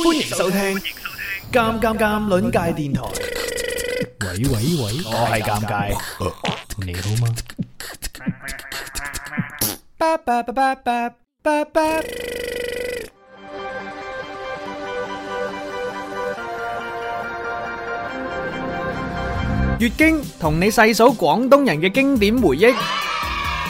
歡迎收聽《尷尷尷》鄰界電台。喂喂喂，我係尷尬，你好嗎？巴巴巴巴巴巴巴。月經同你細數廣東人嘅經典回憶。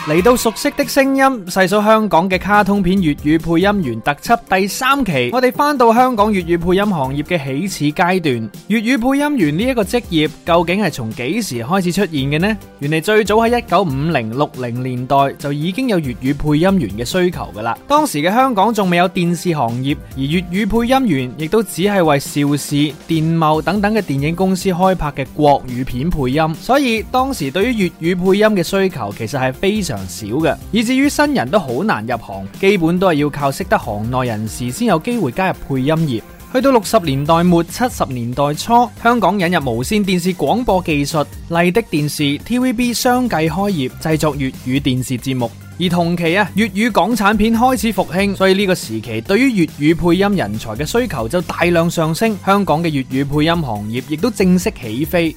嚟到熟悉的聲音，細數香港嘅卡通片粵語配音員特輯第三期，我哋返到香港粵語配音行業嘅起始階段。粵語配音員呢一個職業究竟係從幾時開始出現嘅呢？原來最早喺一九五零、六零年代就已經有粵語配音員嘅需求㗎喇。當時嘅香港仲未有電視行業，而粵語配音員亦都只係為邵氏、電懋等等嘅電影公司開拍嘅國語片配音，所以當時對於粵語配音嘅需求其實係非常少嘅，以至於新人都好難入行，基本都係要靠識得行內人士先有機會加入配音業。去到六十年代末七十年代初，香港引入無綫電視廣播技術，麗的電視、TVB 相繼開業，製作粵語電視節目。而同期啊，粵語港產片開始復興，所以呢個時期對於粵語配音人才嘅需求就大量上升，香港嘅粵語配音行業亦都正式起飛。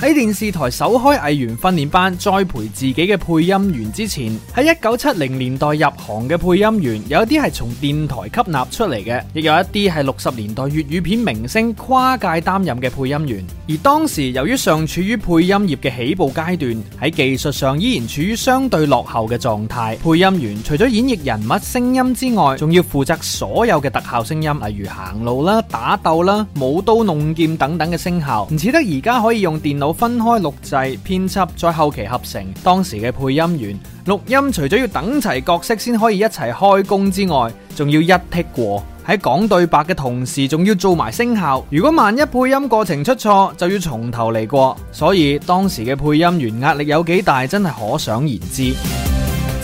喺電視台首開藝員訓練班，栽培自己嘅配音員之前，喺一九七零年代入行嘅配音員，有啲係從電台吸納出嚟嘅，亦有一啲係六十年代粵語片明星跨界擔任嘅配音員。而當時由於尚處於配音業嘅起步階段，喺技術上依然處於相對落後嘅狀態。配音員除咗演繹人物聲音之外，仲要負責所有嘅特效聲音，例如行路啦、打鬥啦、舞刀弄劍等等嘅聲效，唔似得而家可以用電腦。分開錄製、編輯、再後期合成，當時嘅配音員錄音除咗要等齊角色先可以一齊開工之外，仲要一剔過。喺講對白嘅同時，仲要做埋聲效。如果萬一配音過程出錯，就要從頭嚟過。所以當時嘅配音員壓力有幾大，真係可想而知。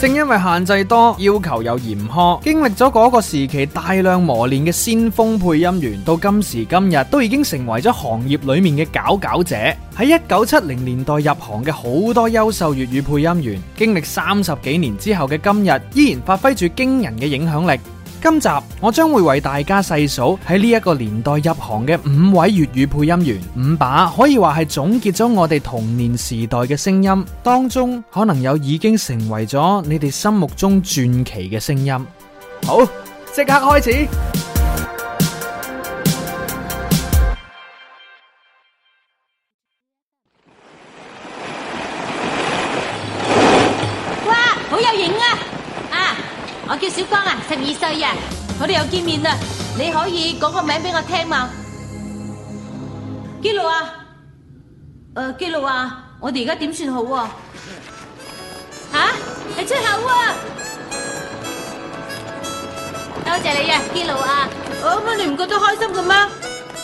正因為限制多，要求又嚴苛，經歷咗嗰個時期大量磨練嘅先鋒配音員，到今時今日都已經成為咗行業裏面嘅佼佼者。喺一九七零年代入行嘅好多優秀粵語配音員，經歷三十幾年之後嘅今日，依然發揮住驚人嘅影響力。今集我將會為大家細數喺呢一個年代入行嘅五位粵語配音員，五把可以話係總結咗我哋童年時代嘅聲音，當中可能有已經成為咗你哋心目中傳奇嘅聲音。好，即刻開始。第日我哋又見面啦，你可以講個名俾我聽嘛？基路啊，誒基路啊，我哋而家點算好啊？吓，你出口啊？多謝你呀，基路啊！我乜你唔覺得開心嘅咩？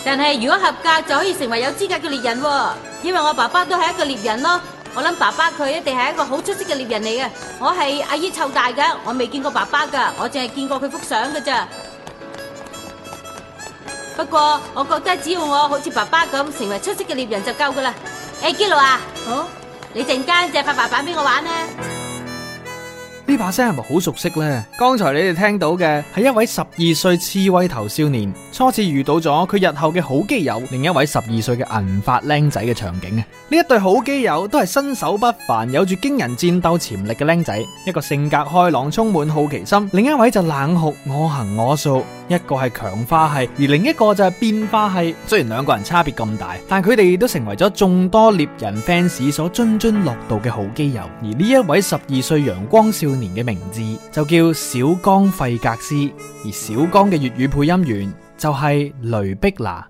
但係如果合格就可以成為有資格嘅獵人喎，因為我爸爸都係一個獵人咯。我諗爸爸佢一定係一個好出色嘅獵人嚟嘅，我係阿姨湊大噶我未見過爸爸噶我淨係見過佢幅相㗎咋。不過我覺得只要我好似爸爸咁成為出色嘅獵人就夠噶啦。誒、欸，基諾啊，好、啊，你陣間借塊爸爸俾我玩咩？呢把聲係咪好熟悉呢？剛才你哋聽到嘅係一位十二歲刺蝟頭少年初次遇到咗佢日後嘅好基友，另一位十二歲嘅銀髮僆仔嘅場景啊！呢一對好基友都係身手不凡、有住驚人戰鬥潛力嘅僆仔，一個性格開朗、充滿好奇心，另一位就冷酷我行我素。一個係強化系，而另一個就係變化系。雖然兩個人差別咁大，但佢哋都成為咗眾多獵人 fans 所津津樂道嘅好基友。而呢一位十二歲陽光少年嘅名字就叫小岡費格斯，而小岡嘅粵語配音員就係雷碧娜。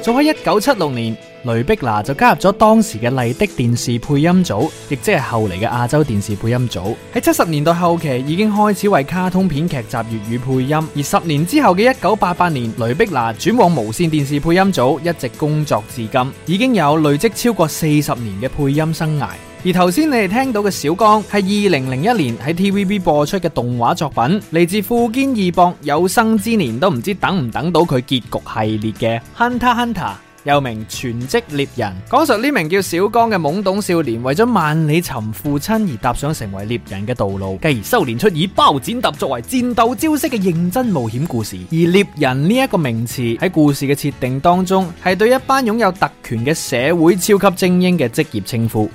早喺一九七六年。雷碧娜就加入咗當時嘅麗的電視配音組，亦即係後嚟嘅亞洲電視配音組。喺七十年代後期已經開始為卡通片劇集粵語配音，而十年之後嘅一九八八年，雷碧娜轉往無線電視配音組，一直工作至今，已經有累積超過四十年嘅配音生涯。而頭先你哋聽到嘅小光係二零零一年喺 TVB 播出嘅動畫作品，嚟自富堅義博《有生之年都唔知等唔等到佢結局》系列嘅 Hunter Hunter 又名全職獵人，講述呢名叫小江嘅懵懂少年為咗萬里尋父親而踏上成為獵人嘅道路，繼而修煉出以包剪揼作為戰鬥招式嘅認真冒險故事。而獵人呢一個名詞喺故事嘅設定當中，係對一班擁有特權嘅社會超級精英嘅職業稱呼。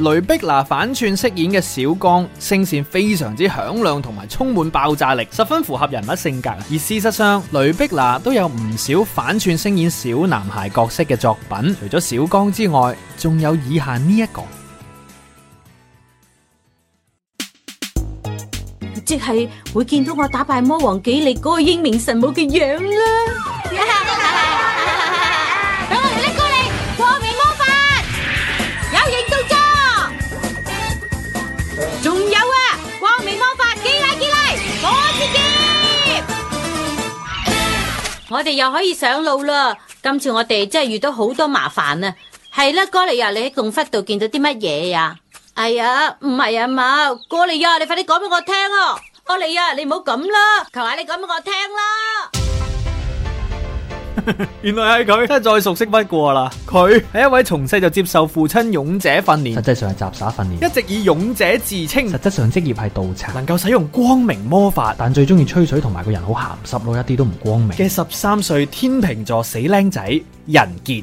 雷碧娜反串飾演嘅小剛，聲線非常之響亮，同埋充滿爆炸力，十分符合人物性格。而事實上，雷碧娜都有唔少反串飾演小男孩角色嘅作品，除咗小剛之外，仲有以下呢、這、一個，即係會見到我打敗魔王幾力嗰個英明神武嘅樣啦。 我哋又可以上路啦！今次我哋真係遇到好多麻煩啊！係啦，哥利亞呀！你喺洞窟度見到啲乜嘢啊？哎呀，唔係啊嘛！哥利亞呀，你快啲講俾我聽哦、啊！哥利亞呀，你唔好咁啦，求下你講俾我聽啦！ 原來係佢，真係再熟悉不過啦。佢係一位從細就接受父親勇者訓練，實際上係雜耍訓練，一直以勇者自稱。實質上職業係盜賊，能夠使用光明魔法，但最中意吹水同埋個人好咸濕咯，一啲都唔光明嘅十三歲天秤座死靚仔仁傑。人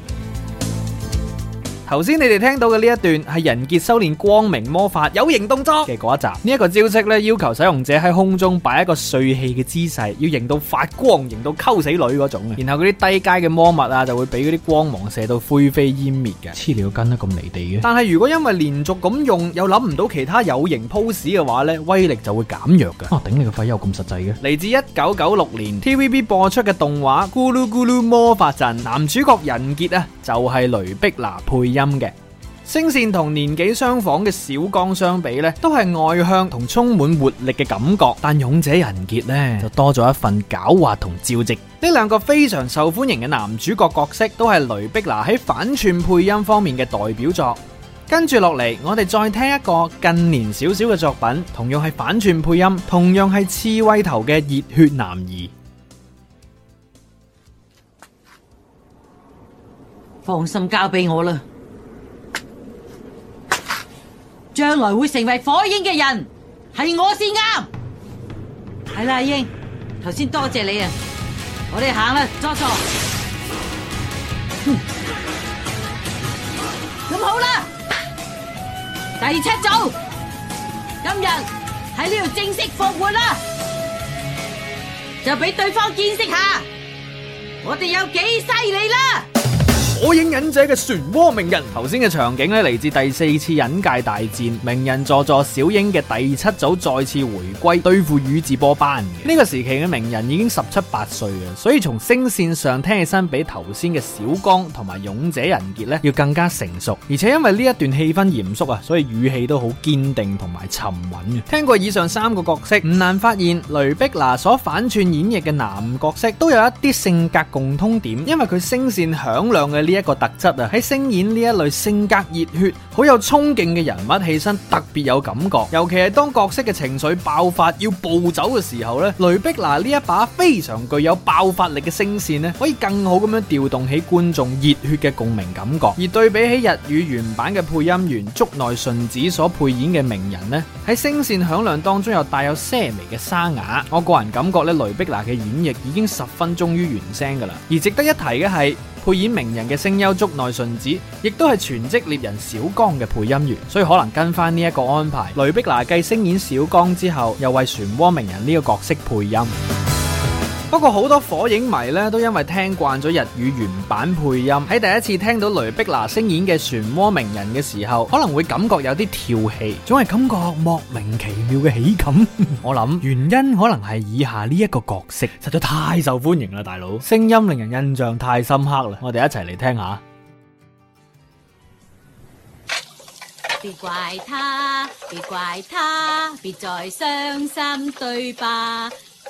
頭先你哋聽到嘅，呢一段係人傑修煉光明魔法有型動作嘅嗰一集。呢一個招式咧，要求使用者喺空中擺一個帥氣嘅姿勢，要型到發光，型到溝死女嗰種。然後嗰啲低階嘅魔物啊就會俾嗰啲光芒射到灰飛煙滅嘅。黐尿跟得咁離地嘅，但係如果因為連續咁用又諗唔到其他有型 pose 嘅話咧，威力就會減弱嘅。哇、啊，頂你個肺有咁實際嘅！嚟自一九九六年 TVB 播出嘅動畫《咕嚕咕嚕魔法陣》，男主角人傑啊！就係雷碧娜配音嘅聲線，同年紀相仿嘅小剛相比呢，都係外向同充滿活力嘅感覺，但勇者人杰呢，就多咗一份狡猾同招積。呢兩個非常受歡迎嘅男主角角色，都係雷碧娜喺反串配音方面嘅代表作。跟住落嚟，我哋再聽一個近年少少嘅作品，同樣係反串配音，同樣係刺蝟頭嘅熱血男兒。放心交俾我啦，將來會成為火影嘅人係我先啱。係啦，阿英，頭先多謝你啊，我哋行啦，佐助。咁好啦，第七組今日喺呢度正式復活啦，就俾對方見識下我哋有幾犀利啦。火影忍者嘅漩渦鳴人，頭先嘅場景咧嚟自第四次忍界大戰，鳴人佐助、小櫻嘅第七組再次回歸，對付宇智波斑。呢個時期嘅鳴人已經十七八歲啦，所以從聲線上聽起身比頭先嘅小剛同埋勇者人杰咧要更加成熟，而且因為呢一段氣氛嚴肅啊，所以語氣都好堅定同埋沉穩嘅。聽過以上三個角色，唔難發現雷碧娜所反串演繹嘅男角色都有一啲性格共通點，因為佢聲線響亮嘅。呢一個特質啊，喺聲演呢一類性格熱血、好有衝勁嘅人物，起身特別有感覺。尤其係當角色嘅情緒爆發、要暴走嘅時候，呢雷碧娜呢一把非常具有爆發力嘅聲線呢，可以更好咁樣調動起觀眾熱血嘅共鳴感覺。而對比起日語原版嘅配音員竹內順子所配演嘅名人呢，喺聲線響亮當中又帶有些微嘅沙啞。我個人感覺呢雷碧娜嘅演繹已經十分忠於原聲噶啦。而值得一提嘅係，配演名人嘅聲優竹內順子，亦都係全職獵人小光嘅配音員，所以可能跟翻呢一個安排。雷碧娜繼聲演小光之後，又為漩渦名人呢個角色配音。不過，好多火影迷呢，都因為聽慣咗日語原版配音。喺第一次聽到雷碧娜聲演的漩渦鳴人的時候，可能會感覺有啲跳戲，總係感覺莫名其妙的喜感。我諗，原因可能係以下呢一個角色，實在太受歡迎啦，大佬。聲音令人印象太深刻啦。我哋一齊嚟聽下。別怪他，別怪他，別再傷心對吧。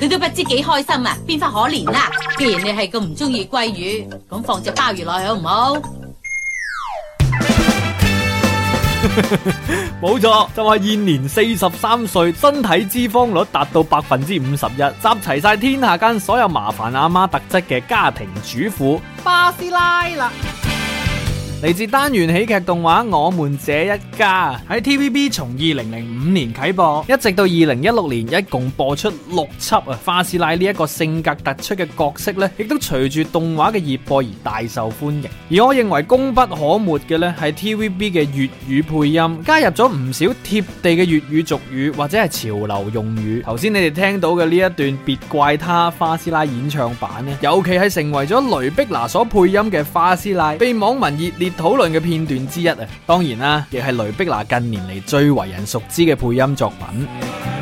你都不知幾開心啊，變翻可憐啦，啊！既然你係咁唔中意鮭魚，咁放隻鮑魚落去好唔好？冇錯， 就係現年四十三歲，身體脂肪率達到百分之五十一，集齊晒天下間所有麻煩阿媽特質嘅家庭主婦巴施拉啦！嚟自單元喜劇動畫《我們這一家》喺 TVB 從二零零五年啟播，一直到二零一六年，一共播出六輯啊！花師奶呢一個性格突出嘅角色咧，亦都隨住動畫嘅熱播而大受歡迎。而我認為功不可沒嘅咧，係 TVB 嘅粵語配音加入咗唔少貼地嘅粵語俗語或者係潮流用語。頭先你哋聽到嘅呢一段《別怪他》，花師奶演唱版咧，尤其係成為咗雷碧娜所配音嘅花師奶，被網民熱烈。討論嘅片段之一啊，當然啦，亦係雷碧娜近年嚟最為人熟知嘅配音作品。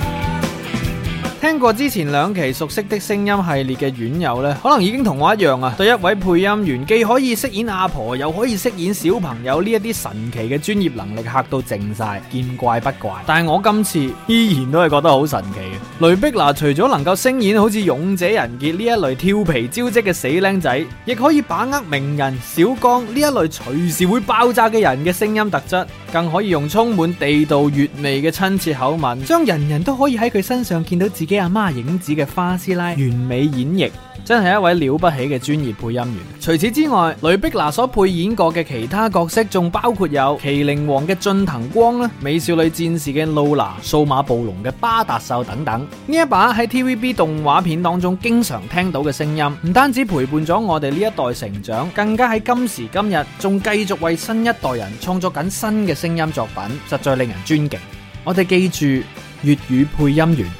聽過之前兩期《熟悉的聲音》系列嘅院友呢，可能已經同我一樣啊，對一位配音員既可以飾演阿婆，又可以飾演小朋友呢一啲神奇嘅專業能力吓到靜晒，見怪不怪。但係我今次依然都係覺得好神奇。雷碧娜除咗能夠聲演好似《勇者仁傑》呢一類調皮招積嘅死僆仔，亦可以把握鳴人、小剛呢一類隨時會爆炸嘅人嘅聲音特質，更可以用充滿地道粵味嘅親切口吻，將人人都可以喺佢身上見到自己阿媽影子嘅花師奶完美演繹，真係一位了不起嘅專業配音員。除此之外，雷碧娜所配演過嘅其他角色，仲包括有《麒麟王》嘅俊騰光啦，《美少女戰士》嘅露娜，《數碼暴龍》嘅巴達獸等等。呢一把喺 TVB 動畫片當中經常聽到嘅聲音，唔單止陪伴咗我哋呢一代成長，更加喺今時今日仲繼續為新一代人創作緊新嘅聲音作品實在令人尊敬，我哋記住粵語配音員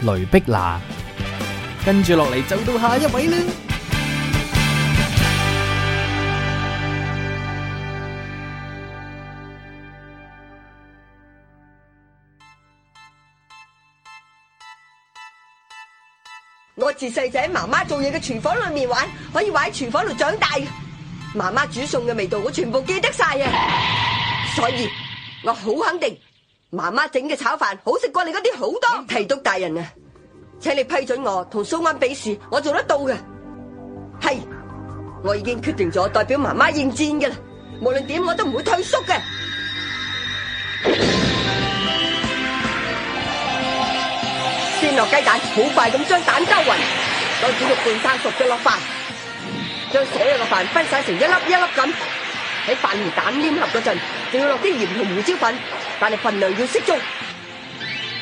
雷碧娜。跟住落嚟就到下一位啦！我自細仔喺媽媽做嘢嘅廚房裏面玩，可以話喺廚房度長大嘅。媽媽煮餸嘅味道，我全部記得晒啊！可以，我好肯定，媽媽整嘅炒飯好食過你嗰啲好多。提督大人啊，請你批准我同蘇安比試，我做得到嘅。係，我已經決定咗代表媽媽應戰嘅啦，無論點我都唔會退縮嘅。先落雞蛋，好快咁將蛋攪勻，待煮到半生熟咗落飯，將所有嘅飯分晒成一粒一粒咁，喺飯連蛋黏合嗰陣。仲要落啲鹽同胡椒粉，但係分量要適中。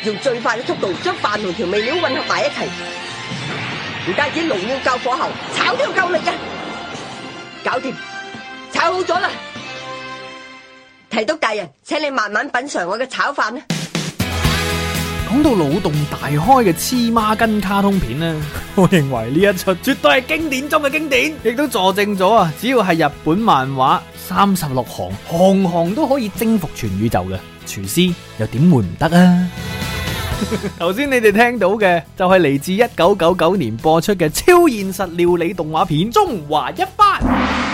用最快嘅速度將飯同調味料混合埋一齊。唔單止，爐要夠火候，炒都要夠力㗎。搞掂，炒好咗啦。提督大人，請你慢慢品嘗我嘅炒飯。講到腦洞大開嘅黐孖筋卡通片呢， 我認為呢一齣絕對係經典中嘅經典，亦都佐證咗啊！只要係日本漫畫，三十六行行行都可以征服全宇宙嘅廚師又點會唔得啊？頭先 你哋聽到嘅就係嚟自一九九九年播出嘅超現實料理動畫片《中華一番》。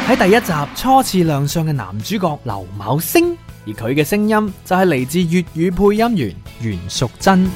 喺第一集初次亮相嘅男主角劉昴星。而佢嘅聲音就係嚟自粵語配音員袁淑珍。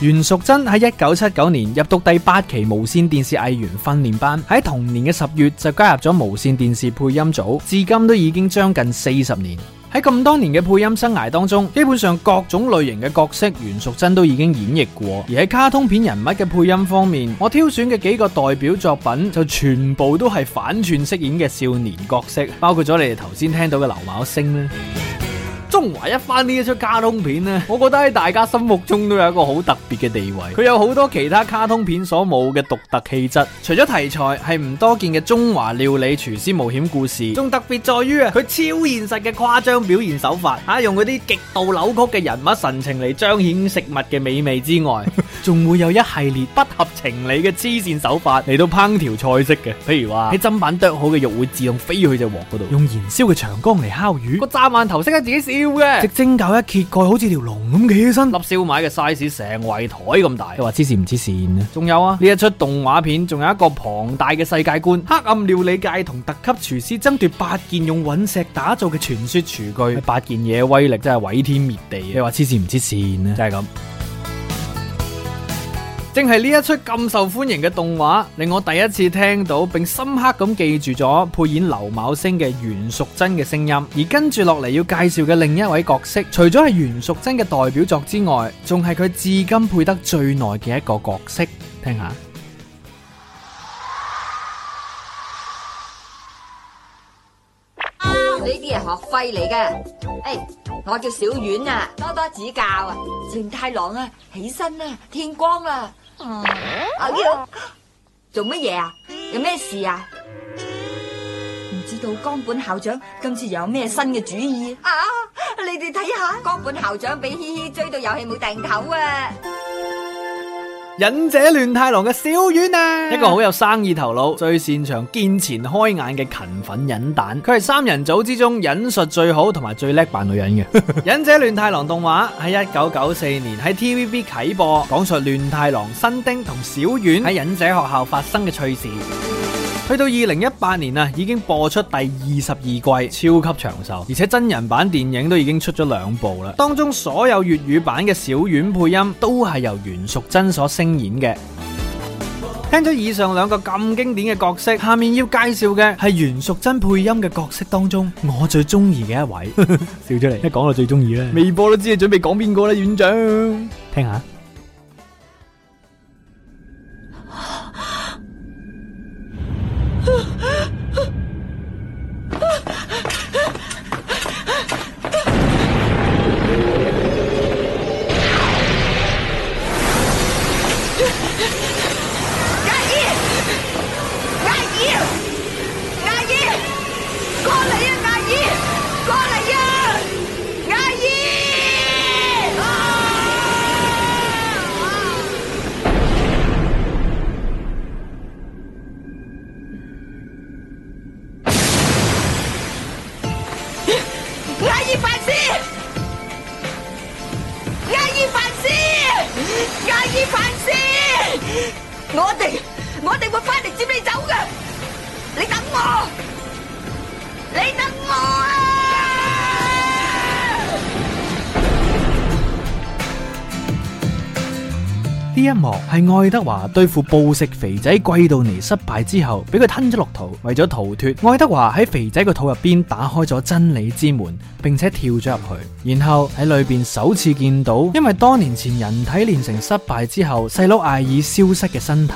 袁淑珍喺一九七九年入讀第八期無線電視藝員訓練班，喺同年嘅十月就加入咗無線電視配音組，至今都已經將近四十年。喺咁多年嘅配音生涯當中，基本上各種類型嘅角色袁淑珍都已經演繹過。而喺卡通片人物嘅配音方面，我挑選嘅幾個代表作品就全部都係反串飾演嘅少年角色，包括咗你哋頭先聽到嘅劉昴星咧。中華一番呢一齣卡通片呢，我覺得喺大家心目中都有一個好特別嘅地位，佢有好多其他卡通片所冇嘅獨特氣質。除咗題材係唔多見嘅中華料理廚師冒險故事，仲特別在於啊，佢超現實嘅誇張表現手法，吓、啊、用嗰啲極度扭曲嘅人物神情嚟彰顯食物嘅美味之外。 仲會有一系列不合情理嘅黐線手法嚟到烹調菜式嘅，譬如話喺砧板剁好嘅肉會自動飛去隻鑊嗰度，用燃燒嘅長江嚟烤魚，個炸饅頭識得自己笑嘅，隻蒸餃一揭蓋好似條龍咁企起身，粒燒賣嘅 size 成圍台咁大，佢話黐線唔黐線啊？仲有啊，呢一出動畫片仲有一個龐大嘅世界觀，黑暗料理界同特級廚師爭奪八件用隕石打造嘅傳說廚具，欸，八件嘢威力真係毀天滅地啊！你話黐線唔黐線啊？就係咁。正係呢一出咁受歡迎嘅動畫，令我第一次聽到並深刻咁記住咗配演劉昴星嘅袁淑珍嘅聲音。而跟住落嚟，要介紹嘅另一位角色，除咗係袁淑珍嘅代表作之外，仲係佢至今配得最耐嘅一個角色。聽下，呢啲係學費嚟嘅。誒，我叫小婉啊，多多指教啊。程太郎啊，起身呀，天光啦。阿、oh, 做乜嘢啊？有咩事啊？唔知道江本校長今次又有咩新嘅主意啊？你哋睇下，江本校長俾希希追到遊戲冇定頭啊！忍者亂太郎嘅小丸啊，一個好有生意頭腦、最擅長見錢開眼嘅勤奮忍蛋，佢係三人組之中忍術最好同埋最叻扮女人嘅。 忍者亂太郎動畫喺一九九四年喺 TVB 啟播，講述亂太郎、新丁同小丸喺忍者學校發生嘅趣事。去到二零一八年啊，已經播出第二十二季，超級長壽，而且真人版電影都已經出咗兩部啦。當中所有粵語版嘅小院配音都係由袁淑珍所聲演嘅。聽咗以上兩個咁經典嘅角色，下面要介紹嘅係袁淑珍配音嘅角色當中我最中意嘅一位，。 笑出嚟來， 一講就最中意啦。未播都知你準備講邊個啦，院長。聽下。我一定會翻嚟接你走嘅。你等我，你等我啊！呢一幕係愛德華對付暴食肥仔季度尼失敗之後，俾佢吞咗落肚。為咗逃脫，愛德華喺肥仔個肚入邊打開咗真理之門，並且跳咗入去，然後喺裏邊首次見到，因為多年前人體煉成失敗之後，細佬艾爾消失嘅身體。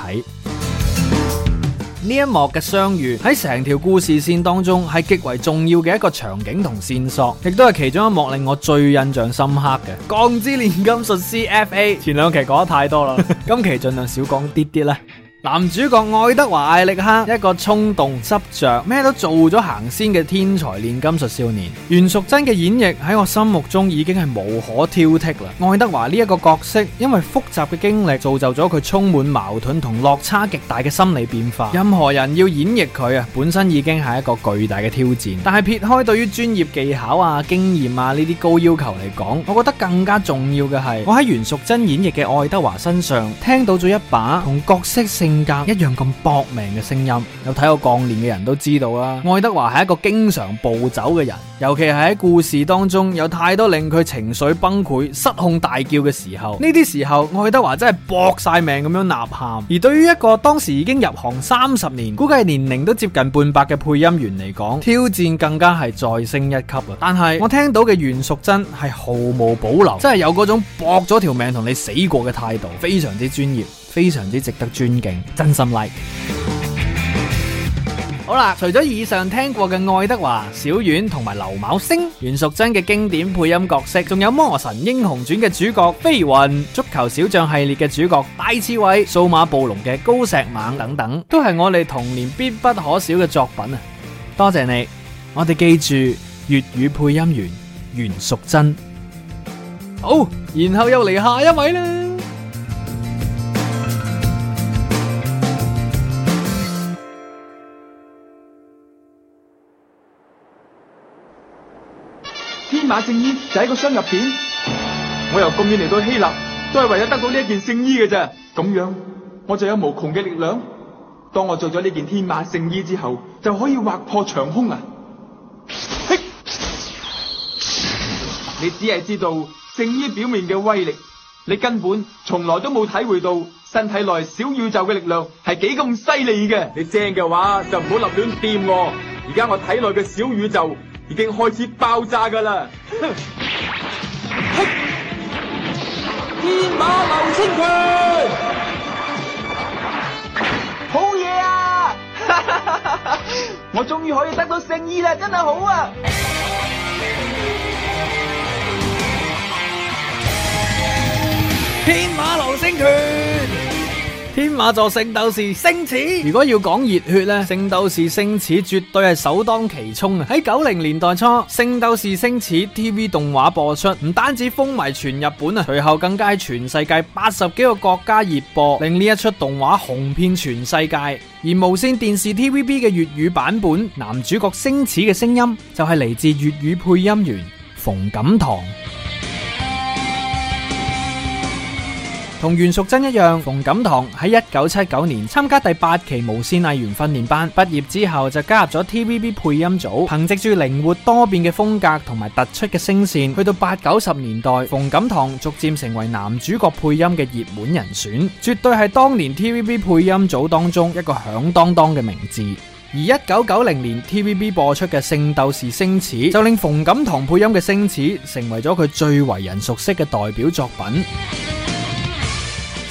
呢一幕嘅相遇喺成條故事線當中係極為重要嘅一個場景同線索，亦都係其中一幕令我最印象深刻嘅。鋼之煉金術師 F A 前兩期講得太多啦， 今期盡量少講啲啲啦。男主角愛德華艾力克，一個衝動執着，咩都做咗行先嘅天才煉金術少年。袁淑珍嘅演繹喺我心目中已經係無可挑剔啦。愛德華呢一個角色，因為複雜嘅經歷造就咗佢充滿矛盾同落差極大嘅心理變化。任何人要演繹佢啊，本身已經係一個巨大嘅挑戰。但係撇開對於專業技巧啊、經驗啊呢啲高要求嚟講，我覺得更加重要嘅係，我喺袁淑珍演繹嘅愛德華身上聽到咗一把同角色性一樣咁搏命嘅聲音，有睇過《鋼煉》嘅人都知道啦。愛德華係一個經常暴走嘅人，尤其係喺故事當中有太多令佢情緒崩潰、失控大叫嘅時候。呢啲時候，愛德華真係搏晒命咁樣吶喊。而對於一個當時已經入行三十年、估計年齡都接近半百嘅配音員嚟講，挑戰更加係再升一級啦。但係我聽到嘅袁淑珍係毫無保留，真係有嗰種搏咗條命同你死過嘅態度，非常之專業。非常之值得尊敬，真心 like。好啦，除咗以上聽過嘅愛德華、小丸同埋劉昴星、袁淑珍嘅經典配音角色，仲有《魔神英雄傳》嘅主角飛雲、《足球小將》系列嘅主角戴志偉、《數碼暴龍》嘅高石猛等等，都係我哋童年必不可少嘅作品啊！多謝你，我哋記住粵語配音員袁淑珍。好，然後又嚟下一位啦。天馬聖衣就喺個箱入邊，我由咁遠嚟到希臘，都係為咗得到呢一件聖衣嘅啫。咁樣我就有無窮嘅力量。當我做咗呢件天馬聖衣之後，就可以劃破長空啦！嘿，你只係知道聖衣表面嘅威力，你根本從來都冇體會到身體內小宇宙嘅力量係幾咁犀利嘅。你正嘅話就唔好立亂掂我。而家我體內嘅小宇宙。已經開始爆炸噶啦！天馬流星拳，好嘢啊！我終於可以得到聖衣啦，真係好啊！天馬流星拳。天馬座聖鬥士星矢，如果要講熱血呢？聖鬥士星矢絕對係首當其衝啊！喺九零年代初，聖鬥士星矢 TV 動畫播出，唔單止風靡全日本啊，隨後更加喺全世界八十幾個國家熱播，令呢一出動畫紅遍全世界。而無綫電視 TVB 嘅粵語版本男主角星矢嘅聲音就係嚟自粵語配音員馮錦棠。同袁淑珍一樣，馮錦棠喺一九七九年參加第八期無綫藝員訓練班，畢業之後就加入咗 TVB 配音組，憑借住靈活多變嘅風格同埋突出嘅聲綫，去到八九十年代，馮錦棠逐漸成為男主角配音嘅熱門人選，絕對係當年 TVB 配音組當中一個響當當嘅名字。而一九九零年 TVB 播出嘅《聖鬥士星矢》就令馮錦棠配音嘅星矢成為咗佢最為人熟悉嘅代表作品。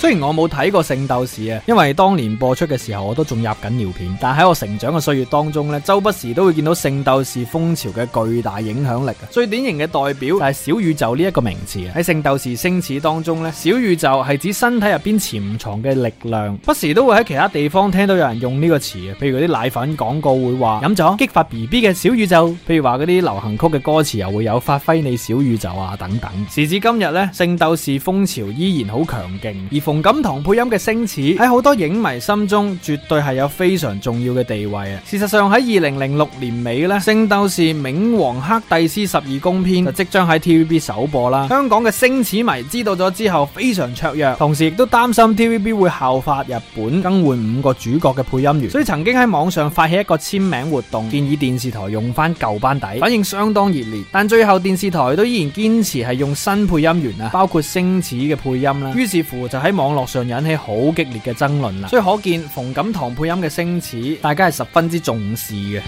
雖然我冇睇過聖鬥士啊，因為當年播出嘅時候我都仲入緊尿片，但喺我成長嘅歲月當中呢，周不時都會見到聖鬥士風潮嘅巨大影響力嘅。最典型嘅代表就係小宇宙呢一個名詞啊！喺聖鬥士星矢當中呢，小宇宙係指身體入邊潛藏嘅力量，不時都會喺其他地方聽到有人用呢個詞啊，譬如嗰啲奶粉廣告會話飲咗激發 BB 嘅小宇宙，譬如話嗰啲流行曲嘅歌詞又會有發揮你小宇宙啊等等。時至今日呢，聖鬥士風潮依然好強勁，洪錦棠配音嘅星矢喺好多影迷心中絕對係有非常重要嘅地位啊！事實上喺二零零六年尾咧，《聖鬥士冥王黑帝斯十二宮篇》就即將喺 TVB 首播啦。香港嘅星矢迷知道咗之後非常雀躍，同時亦都擔心 TVB 會效法日本更換五個主角嘅配音員，所以曾經喺網上發起一個簽名活動，建議電視台用翻舊班底，反應相當熱烈。但最後電視台都依然堅持係用新配音員啊，包括星矢嘅配音啦。於是乎就喺網絡上引起好激烈嘅爭論啦，所以可見馮錦堂配音嘅星矢，大家係十分之重視嘅。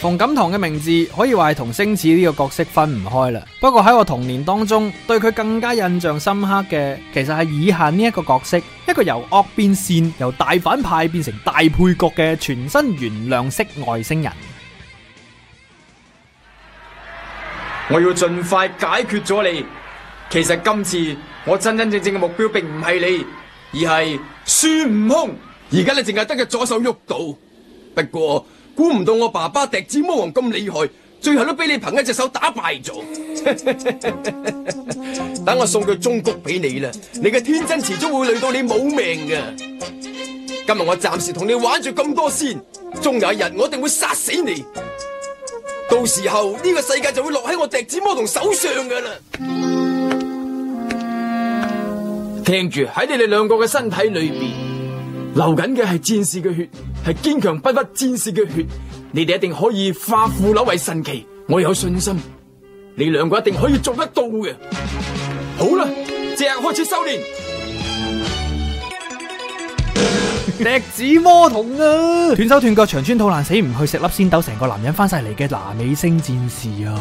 馮錦堂嘅名字可以話係同星矢呢個角色分唔開啦。不過喺我童年當中，對佢更加印象深刻嘅，其實係以下呢一個角色，一個由惡變善，由大反派變成大配角嘅全新原諒式外星人。我要盡快解決咗你。其實今次。我真真正正嘅目標並唔係你，而係孫悟空。而家你淨係得隻左手喐到。不過估唔到我爸爸笛子魔王咁厲害，最後都俾你憑一隻手打敗咗。 等我送佢中國俾你啦，你嘅天真遲早會累到你冇命噶。今日我暫時同你玩住咁多先，終有一日我一定會殺死你。到時候呢個世界就會落喺我笛子魔童手上噶啦。聽住，喺你哋兩個嘅身體裏邊流緊嘅係戰士嘅血，係堅強不屈戰士嘅血，你哋一定可以化腐朽為神奇，我有信心，你兩個一定可以做得到嘅。好啦，即刻開始修煉。「笛子魔童啊，斷手斷腳長穿肚爛死唔去，食粒仙豆成個男人翻晒嚟嘅拿美星戰士啊，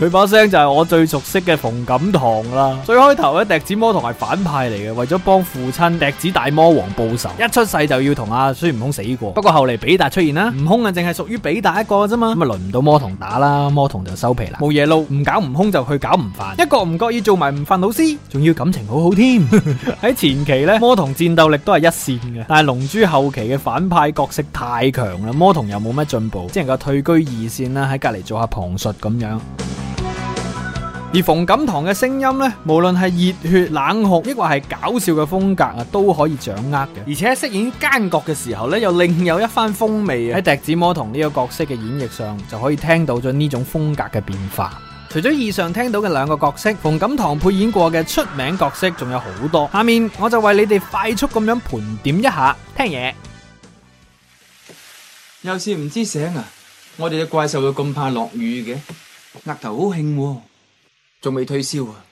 佢把聲就係我最熟悉嘅馮錦棠啦。最開頭咧，笛子魔童係反派嚟嘅，為咗幫父親笛子大魔王報仇，一出世就要同阿孫悟空死過。不過後嚟比達出現啦，悟空啊，淨係屬於比達一個啫嘛，咁啊輪唔到魔童打啦，魔童就收皮啦。冇嘢路唔搞，悟空就去搞悟飯，一個唔覺意做埋悟飯老師，仲要感情好好添。喺 前期咧，魔童戰鬥力都係一線嘅，但係龍。朱後期嘅反派角色太強啦，魔童又冇乜進步，只能夠退居二線啦，喺隔籬做下旁述咁樣。而馮錦堂嘅聲音呢，無論係熱血冷酷，抑或係搞笑嘅風格啊，都可以掌握嘅。而且喺飾演奸角嘅時候呢，又另有一番風味。喺笛子魔童呢個角色嘅演繹上，就可以聽到咗呢種風格嘅變化。除咗以上聽到嘅兩個角色，馮錦堂配演過嘅出名角色仲有好多。下面我就為你哋快速咁樣盤點一下，聽嘢。又是唔知醒啊！我哋嘅怪獸會咁怕落雨嘅，額頭好興，仲未退燒啊！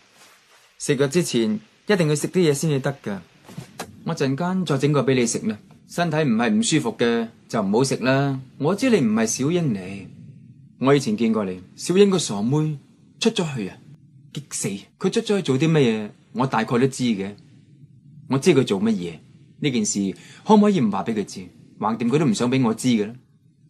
食藥、啊、之前一定要食啲嘢先至得噶。我陣間再整個俾你食啦。身體唔係唔舒服嘅就唔好食啦。我知你唔係小英嚟，我以前見過你，小英個傻妹。出咗去啊！激死佢，出咗去做啲乜嘢？我大概都知嘅，我知佢做乜嘢，呢件事可唔可以唔話俾佢知？橫掂佢都唔想俾我知嘅。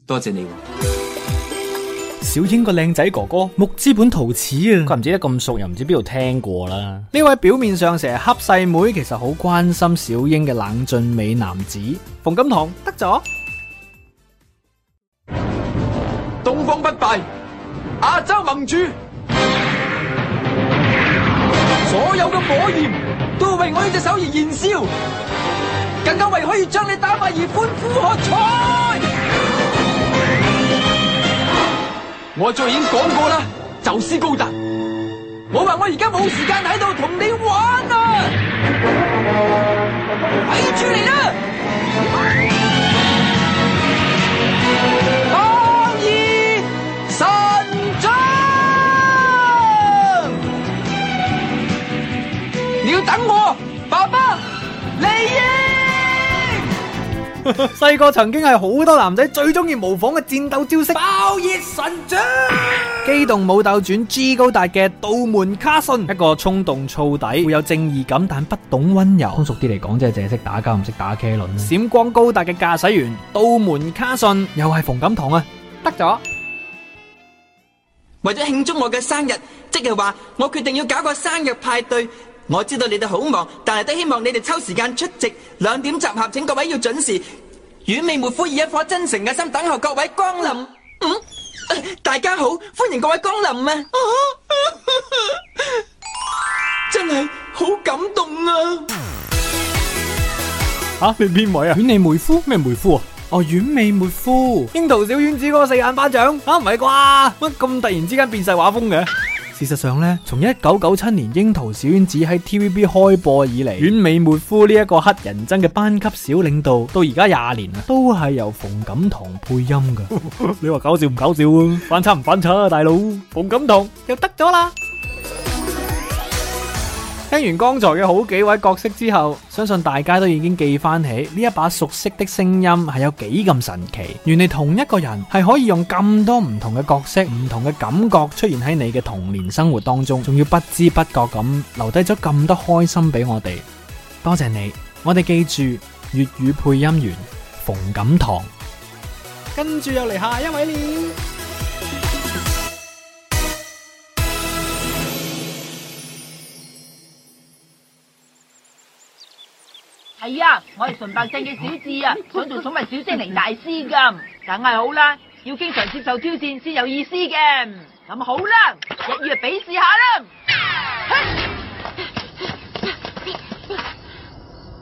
多謝你喎，小英個靚仔哥哥木之本桃矢啊！佢唔知得咁熟，又唔知邊度聽過啦。呢位表面上成日恰細妹，其實好關心小英嘅冷峻美男子馮錦堂，得咗，東方不敗，亞洲盟主。所有嘅火焰都為我呢隻手而燃燒，更加為可以將你打敗而歡呼喝彩。 我早已經講過啦，宙 斯高達，我話我而家冇時間喺度同你玩啊。阿英住嚟啦！ 細個 曾經係好多男仔最中意模仿嘅戰鬥招式，爆熱神掌。機 動武鬥傳 G 高達嘅道門卡遜，一個衝動燥底，會有正義感，但不懂溫柔。通俗啲嚟講，即係淨係識打交，唔識打茄輪。閃光高達嘅駕駛員道門卡遜，又係馮錦棠啊！得咗，為咗慶祝我嘅生日，即係話我決定要搞個生日派對。我知道你哋好忙，但係都希望你哋抽時間出席，兩點集合，請各位要準時。遠尾妹夫以一顆真誠嘅心等候各位光臨。嗯，大家好，歡迎各位光臨啊！真係好感動啊！吓，你邊位啊？遠尾妹夫？咩妹夫？哦，遠尾妹夫，櫻桃小丸子嗰個四眼巴掌啊，唔係啩？乜咁突然之間變晒畫風嘅？事實上咧，從一九九七年《櫻桃小丸子》喺 TVB 開播以嚟，丸尾 末夫呢一個黑人憎嘅班級小領導，到而家廿年啦，都係由馮錦棠配音噶。 你話搞笑唔搞笑啊？ 反差唔反差啊，大佬！馮錦棠又得咗啦。聽完剛才嘅好幾位角色之後，相信大家都已經記翻起呢一把熟悉的聲音係有幾咁神奇。原來同一個人係可以用咁多唔同嘅角色、唔同嘅感覺出現喺你嘅童年生活當中，仲要不知不覺咁留低咗咁多開心俾我哋。多謝你，我哋記住粵語配音員馮錦棠。跟住又嚟下一位了。係呀，我係純白淨嘅小智啊，想做寵物小精靈大師噶，梗係好啦，要經常接受挑戰先有意思嘅。咁好啦，不如嚟比試下啦。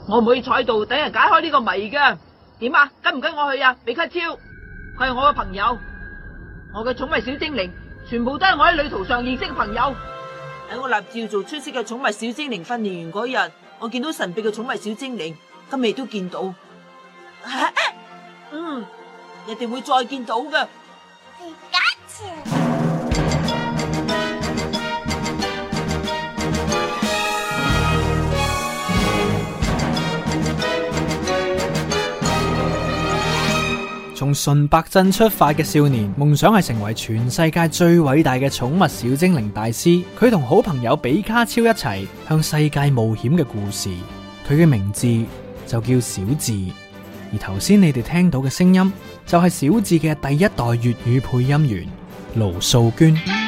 我唔會坐喺度等人解開呢個謎噶。點啊？跟唔跟我去啊？比卡超佢係我嘅朋友，我嘅寵物小精靈全部都係我喺旅途上認識嘅朋友。喺我立志做出色嘅寵物小精靈訓練員嗰日。我見到神秘嘅寵物小精靈，今未都見到。嗯，一定會再見到嘅。是咁。從順白鎮出發嘅少年，夢想係成為全世界最偉大嘅寵物小精靈大師。佢同好朋友比卡超一齊向世界冒險嘅故事。佢嘅名字就叫小智。而頭先你哋聽到嘅聲音，就係、是、小智嘅第一代粵語配音員盧素娟。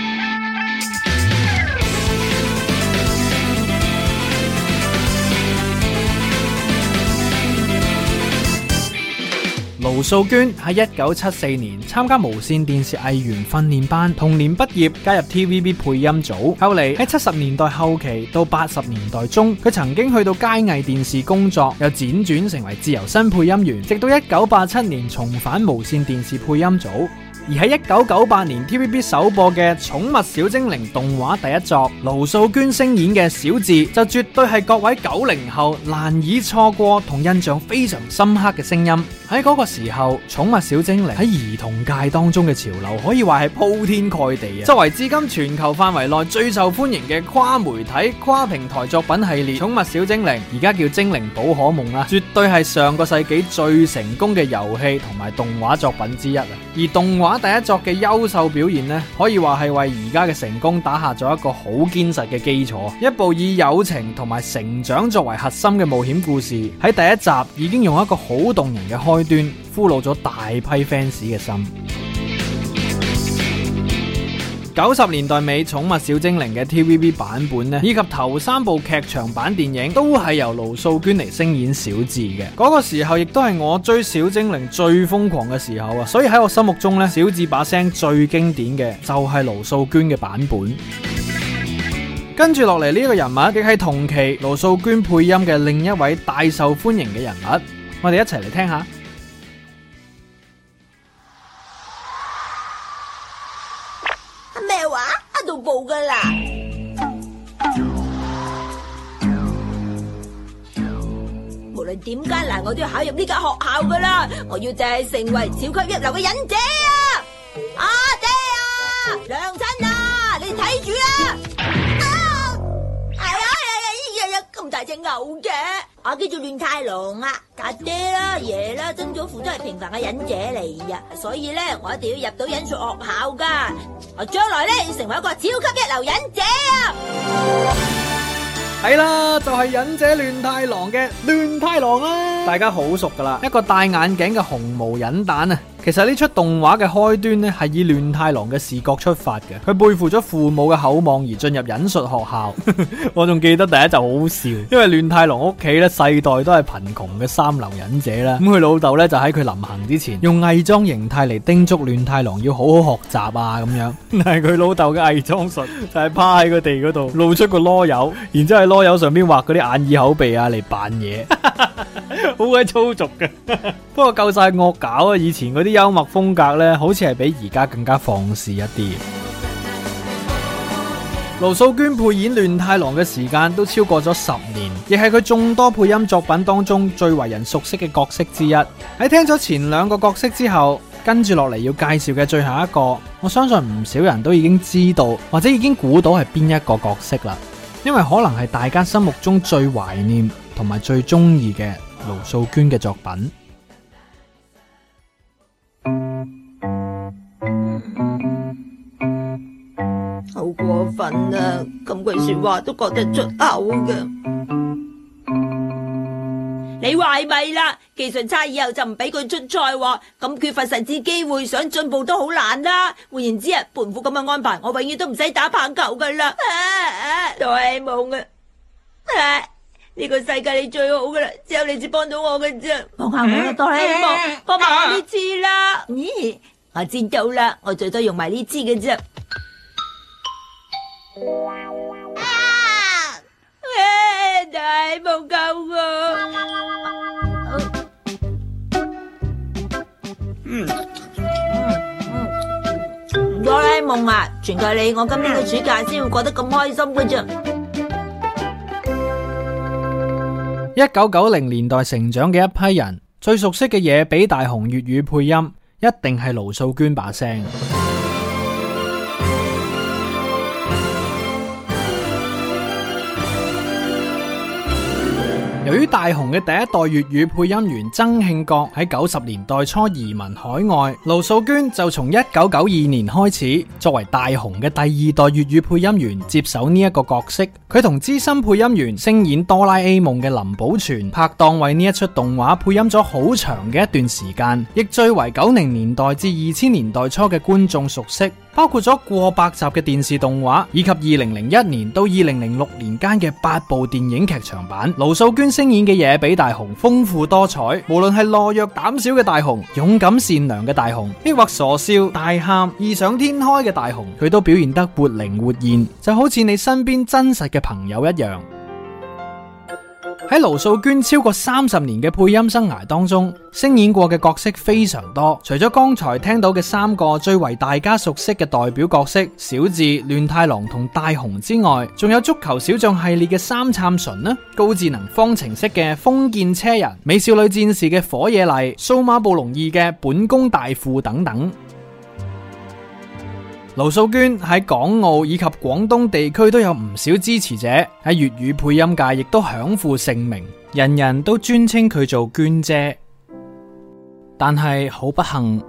胡素娟喺一九七四年參加無線電視藝員訓練班，同年畢業加入 TVB 配音組。後嚟喺七十年代後期到八十年代中，佢曾經去到佳藝電視工作，又輾轉成為自由身配音員，直到一九八七年重返無線電視配音組。而喺一九九八年 T V B 首播嘅《寵物小精靈》動畫第一作，盧素娟聲演嘅小智就絕對係各位九零後難以錯過同印象非常深刻嘅聲音。喺嗰個時候，《寵物小精靈》喺兒童界當中嘅潮流可以話係鋪天蓋地啊！作為至今全球範圍內最受歡迎嘅跨媒體跨平台作品系列，《寵物小精靈》而家叫精、啊《精靈寶可夢》啦，絕對係上個世紀最成功嘅遊戲同埋動畫作品之一啊！而動畫。第一作嘅優秀表現咧，可以話係為而家嘅成功打下咗一個好堅實嘅基礎。一部以友情同埋成長作為核心嘅冒險故事，喺第一集已經用一個好動人嘅開端，俘虜咗大批 fans 嘅心。九十年代尾《寵物小精靈》嘅 TVB 版本咧，以及頭三部劇場版電影都係由盧素娟嚟聲演小智嘅。嗰個時候亦都係我追小精靈最瘋狂嘅時候啊！所以喺我心目中呢，小智把聲最經典嘅就係盧素娟嘅版本。跟住落嚟呢個人物，亦係同期盧素娟配音嘅另一位大受歡迎嘅人物。我哋一齊嚟聽下。噶啦，無論點艱難，我都要考入呢間學校噶啦。我要就係成為超級一流嘅忍者啊！阿爹啊，娘親啊，你睇住啊。咁大隻牛嘅，我叫做亂太郎啊！達爹啦、爺啦、曾祖父都係平凡嘅忍者嚟呀，所以咧我一定要入到忍術學校噶，我將來咧要成為一個超級一流忍者啊！係啦，就係忍者亂太郎嘅亂太郎啦，大家好熟噶啦，一個戴眼鏡嘅紅毛忍蛋啊！其實呢出動畫嘅開端咧，係以亂太郎嘅視角出發嘅。佢背負咗父母嘅厚望而進入忍術學校。 我仲記得第一集好笑，因為亂太郎屋企咧，世代都係貧窮嘅三流忍者啦。咁佢老豆呢，就喺佢臨行之前，用偽裝形態嚟叮囑亂太郎要好好學習啊咁樣。但係佢老豆嘅偽裝術就係趴喺個地嗰度，露出個囉柚，然之後喺囉柚上邊畫嗰啲眼耳口鼻啊嚟扮嘢。 好鬼粗俗嘅， 操作 不過夠晒惡搞啊！以前嗰啲幽默風格呢，好似係比而家更加放肆一啲。盧素娟配演亂太郎嘅時間都超過咗十年，亦係佢眾多配音作品當中最為人熟悉嘅角色之一。喺聽咗前兩個角色之後，跟住落嚟要介紹嘅最後一個，我相信唔少人都已經知道或者已經估到係邊一個角色啦，因為可能係大家心目中最懷念同埋最中意嘅。盧素娟嘅作品，好過分啊！咁句說話都覺得出口嘅？你壞咪啦，技術差以後就唔俾佢出賽喎，咁缺乏實戰機會，想進步都好難啦。換言之啊，盤父咁嘅安排，我永遠都唔使打棒球噶啦。做噩夢啊！呢個世界你最好噶啦，只有你先幫到我噶啫。放下我嘅哆啦 A 夢，幫我呢支啦。咦，我知道啦，我最多用埋呢支噶啫。啊！唉，就係冇夠啊！嗯嗯嗯，哆啦 A 夢啊，全靠你，我今年個暑假先會過得咁開心噶啫。一九九零年代成長嘅一批人，最熟悉嘅嘢俾大雄粵語配音，一定係盧素娟把聲。由於大雄嘅第一代粵語配音員曾慶國喺九十年代初移民海外，盧素娟就從一九九二年開始作為大雄嘅第二代粵語配音員接手呢一個角色。佢同資深配音員聲演哆啦 A 夢嘅林保全拍檔，為呢一出動畫配音咗好長嘅一段時間，亦最為九零年代至二千年代初嘅觀眾熟悉。包括咗過百集嘅電視動畫，以及二零零一年到二零零六年間嘅八部電影劇場版。盧素娟聲演嘅野比大雄豐富多彩，無論係懦弱膽小嘅大雄，勇敢善良嘅大雄，抑或傻笑、大喊、異想天開嘅大雄，佢都表現得活靈活現，就好似你身邊真實嘅朋友一樣。喺盧素娟超過三十年嘅配音生涯當中，聲演過嘅角色非常多。除咗剛才聽到嘅三個最為大家熟悉嘅代表角色小智、亂太郎同大雄之外，仲有足球小將系列嘅三杉淳呢，高智能方程式嘅封建車人、美少女戰士嘅火野麗、數碼暴龍二嘅本宮大輔等等。盧素娟喺港澳以及廣東地區都有唔少支持者，喺粵語配音界亦都享負盛名，人人都尊稱佢做娟姐。但係好不幸，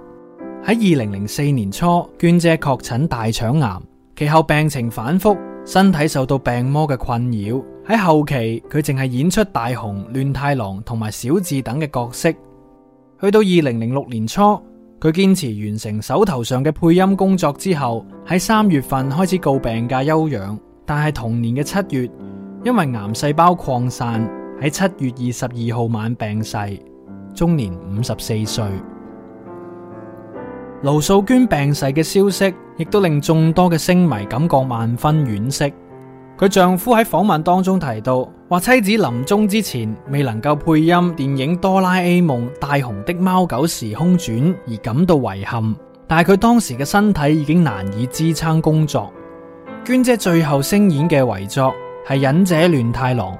喺二零零四年初，娟姐確診大腸癌，其後病情反覆，身體受到病魔嘅困擾。喺後期，佢淨係演出大雄、亂太郎同埋小智等嘅角色。去到二零零六年初。佢堅持完成手頭上嘅配音工作之後，喺三月份開始告病假休養，但係同年嘅七月，因為癌細胞擴散，喺七月二十二號晚病逝，終年五十四歲。盧素娟病逝嘅消息，亦都令眾多嘅星迷感覺萬分惋惜。佢丈夫喺訪問當中提到，話妻子臨終之前未能夠配音電影《哆啦 A 夢：大雄的貓狗時空傳》而感到遺憾，但係佢當時嘅身體已經難以支撐工作。娟姐最後聲演嘅遺作係忍者亂太郎，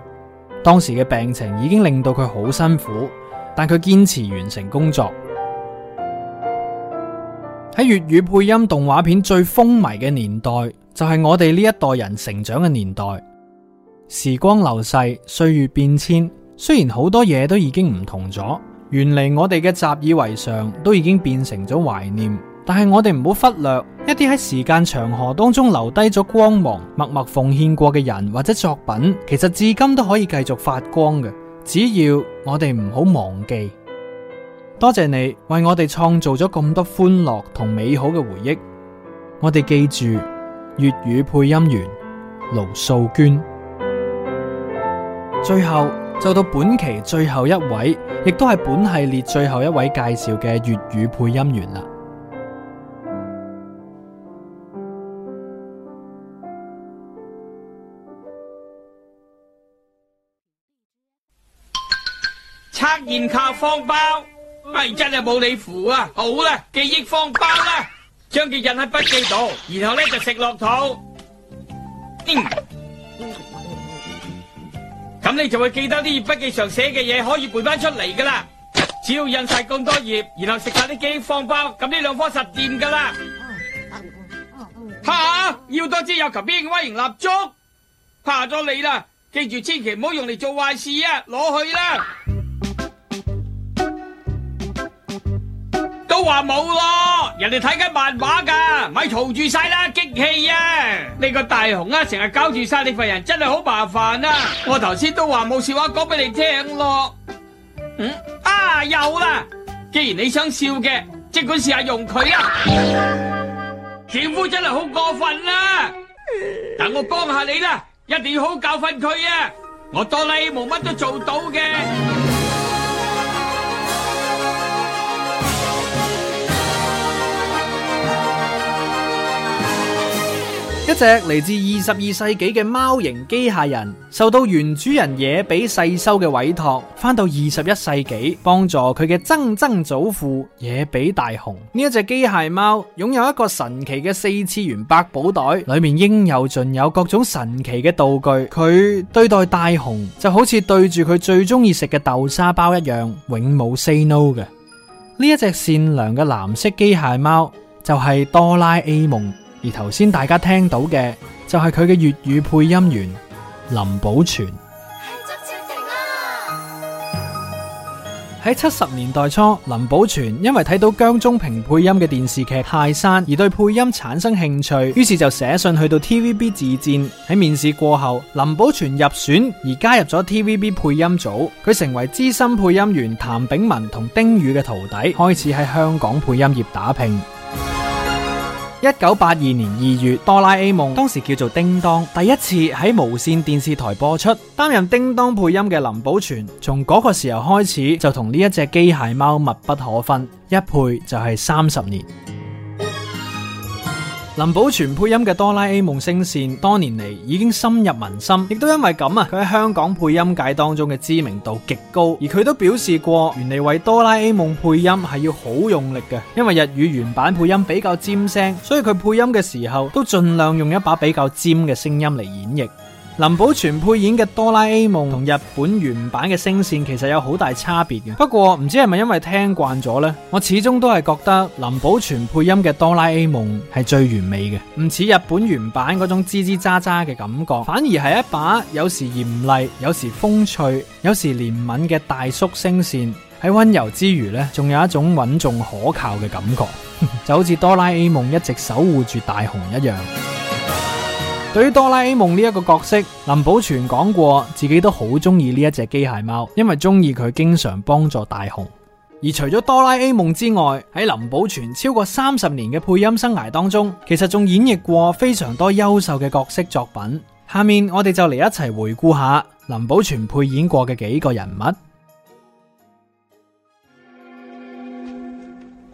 當時嘅病情已經令到佢好辛苦，但佢堅持完成工作。喺粵語配音動畫片最風靡嘅年代。就係我哋呢一代人成長嘅年代，時光流逝，歲月變遷。雖然好多嘢都已經唔同咗，原嚟我哋嘅習以為常都已經變成咗懷念。但係我哋唔好忽略一啲喺時間長河當中留低咗光芒、默默奉獻過嘅人或者作品，其實至今都可以繼續發光嘅。只要我哋唔好忘記，多謝你為我哋創造咗咁多歡樂同美好嘅回憶，我哋記住。粵語配音員盧素娟，最後就到本期最後一位，亦都係本系列最後一位介紹嘅粵語配音員啦。測驗靠方包，咪、哎，真係冇你符啊！好啦，記憶方包啦。將佢印喺筆記度，然後咧就食落肚，咁 你就會記得啲筆記上寫嘅嘢，可以背翻出嚟噶啦。只要印晒咁多頁，然後食晒啲記放包，咁呢兩科實掂噶啦。吓、 啊，要多支有求必應威型蠟燭，怕咗你啦！記住，千祈唔好用嚟做壞事啊，攞去啦。都話冇咯，人哋睇緊漫畫噶，咪嘈住晒啦，激氣啊！你個大雄啊，成日搞住晒你份人，真係好麻煩啊！我頭先都話冇笑話講俾你聽咯，嗯啊有啦，既然你想笑嘅，即管試下用佢啊！ 丈夫真係好過分啦、啊，等我幫下你啦，一定要好教訓佢啊！我哆啦 A 夢乜都做到嘅。一隻嚟自二十二世紀嘅貓型機械人，受到原主人野比世修嘅委託，翻到二十一世紀，幫助佢嘅曾曾祖父野比大雄。呢一隻機械貓擁有一個神奇嘅四次元百寶袋，裏面應有盡有各種神奇嘅道具。佢對待大雄就好似對住佢最中意食嘅豆沙包一樣，永冇 say no 嘅。呢一隻善良嘅藍色機械貓就係哆啦 A 夢。而頭先大家聽到嘅就係佢嘅粵語配音員林保全。喺七十年代初，林保全因為睇到姜中平配音嘅電視劇《泰山》而對配音產生興趣，於是就寫信去到 TVB 自薦。喺面試過後，林保全入選而加入咗 TVB 配音組，佢成為資深配音員譚炳文同丁宇嘅徒弟，開始喺香港配音業打拼。一九八二年二月，《哆啦 A 夢》當時叫做叮當，第一次喺無線電視台播出。擔任叮當配音嘅林保全，從嗰個時候開始就同呢一隻機械貓密不可分，一配就係三十年。林保全配音嘅《哆啦 A 夢》聲線，多年嚟已經深入民心，亦都因為咁啊，佢喺香港配音界當中嘅知名度極高。而佢都表示過，原來為《哆啦 A 夢》配音係要好用力嘅，因為日語原版配音比較尖聲，所以佢配音嘅時候都盡量用一把比較尖嘅聲音嚟演繹。林保全配音嘅哆啦 A 夢同日本原版嘅聲線其實有好大差別嘅，不過唔知係咪因為聽慣咗呢？我始終都係覺得林保全配音嘅哆啦 A 夢係最完美嘅，唔似日本原版嗰種吱吱喳喳嘅感覺，反而係一把有時嚴厲、有時風趣、有時憐憫嘅大叔聲線，喺溫柔之餘呢，仲有一種穩重可靠嘅感覺， 就好似哆啦 A 夢一直守護住大雄一樣。對於哆啦 A 夢呢一個角色，林保全講過自己都好中意呢一隻機械貓，因為中意佢經常幫助大雄。而除咗哆啦 A 夢之外，喺林保全超過三十年嘅配音生涯當中，其實仲演繹過非常多優秀嘅角色作品。下面我哋就嚟一齊回顧下林保全配演過嘅幾個人物。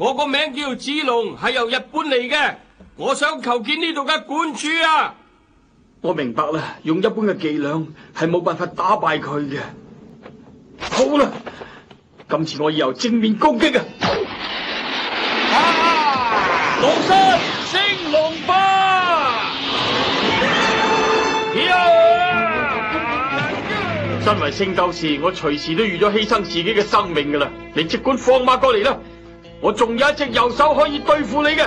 我個名叫子龍，係由日本嚟嘅。我想求見呢度嘅館主啊！我明白啦，用一般嘅伎倆係冇辦法打敗佢嘅。好啦，今次我以由正面攻擊啊！廬山昇龍霸，啊！身為聖鬥士，我隨時都預咗犧牲自己嘅生命噶啦。你即管放馬過嚟啦，我仲有一隻右手可以對付你嘅。